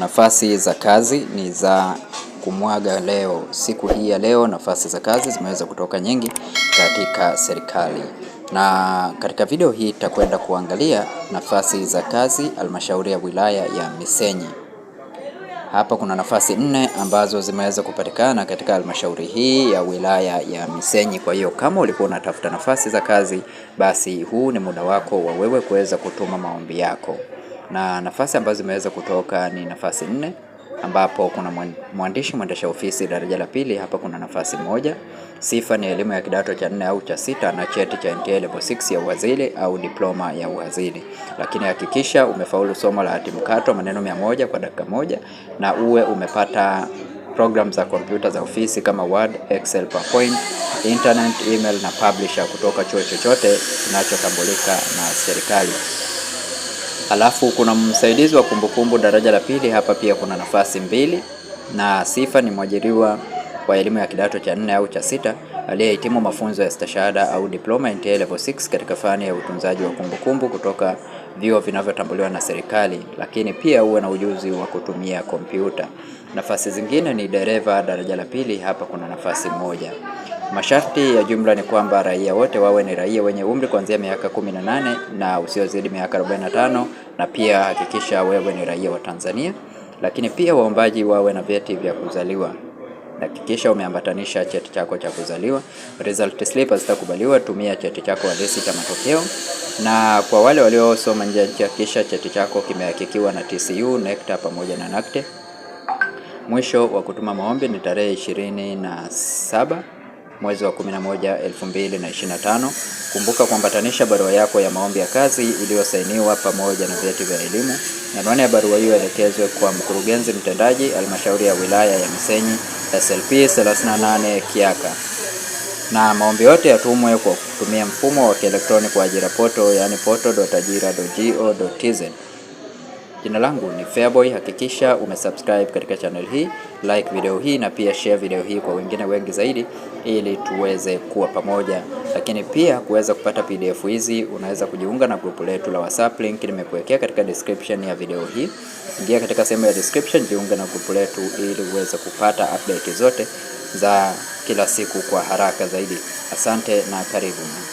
nafasi za kazi ni za kumwaga leo. Siku hii ya leo nafasi za kazi zimeweza kutoka nyingi katika serikali, na katika video hii tutakwenda kuangalia nafasi za kazi halmashauri ya wilaya ya Misenyi. Hapa kuna nafasi nne ambazo zimeweza kupatikana katika halmashauri hii ya wilaya ya Misenyi. Kwa hiyo kama ulikuwa unatafuta nafasi za kazi, basi huu ni muda wako wa wewe kuweza kutuma maombi yako na nafasi ambazo zimeweza kutoka ni nafasi nne ambapo kuna mwandishi mwendesha ofisi daraja la pili, hapa kuna nafasi moja. Sifa ni elimu ya kidato cha nne au cha sita na cheti cha NTA level 6 ya uhazili au diploma ya uhazili, lakini hakikisha umefaulu somo la hati mkato maneno mia moja kwa dakika moja na uwe umepata program za kompyuta za ofisi kama Word, Excel, PowerPoint, internet, email na publisher kutoka chuo chochote kinachotambulika na serikali. Alafu kuna msaidizi wa kumbukumbu daraja la pili, hapa pia kuna nafasi mbili, na sifa ni mwajiriwa wa elimu ya kidato cha nne au cha sita aliyehitimu mafunzo ya stashahada au diploma in level 6 katika fani ya utunzaji wa kumbukumbu kutoka vyuo vinavyotambuliwa na serikali, lakini pia uwe na ujuzi wa kutumia kompyuta. Nafasi zingine ni dereva daraja la pili, hapa kuna nafasi moja. Masharti ya jumla ni kwamba raia wote wawe ni raia wenye umri kuanzia miaka 18 na usiozidi miaka 45, na pia hakikisha wewe ni raia wa Tanzania. Lakini pia waombaji wawe na vyeti vya kuzaliwa. Hakikisha umeambatanisha cheti chako cha kuzaliwa. Result slip zitakubaliwa, tumia cheti chako halisi cha matokeo. Na kwa wale waliosoma nje ya nchi, hakikisha cheti chako kimehakikiwa na TCU, NECTA pamoja na NACTE. Mwisho wa kutuma maombi ni tarehe ishirini na saba mwezi wa 11, 2025. Kumbuka kuambatanisha barua yako ya maombi ya kazi iliyosainiwa pamoja na vyeti vya elimu. Anwani ya barua hiyo elekezwe kwa mkurugenzi mtendaji halmashauri ya wilaya ya Misenyi SLP 38 Kiaka, na maombi yote yatumwe kwa kutumia mfumo wa kielektroniki wa yaani ajira poto, yani poto.ajira.go.tz. Jina langu ni Fairboy, hakikisha umesubscribe katika channel hii, like video hii na pia share video hii kwa wengine wengi zaidi, ili tuweze kuwa pamoja. Lakini pia kuweza kupata PDF hizi, unaweza kujiunga na grupu letu la WhatsApp, link nimekuwekea katika description ya video hii. Ingia katika sehemu ya description, jiunga na grupu letu ili uweze kupata update zote za kila siku kwa haraka zaidi. Asante na karibu.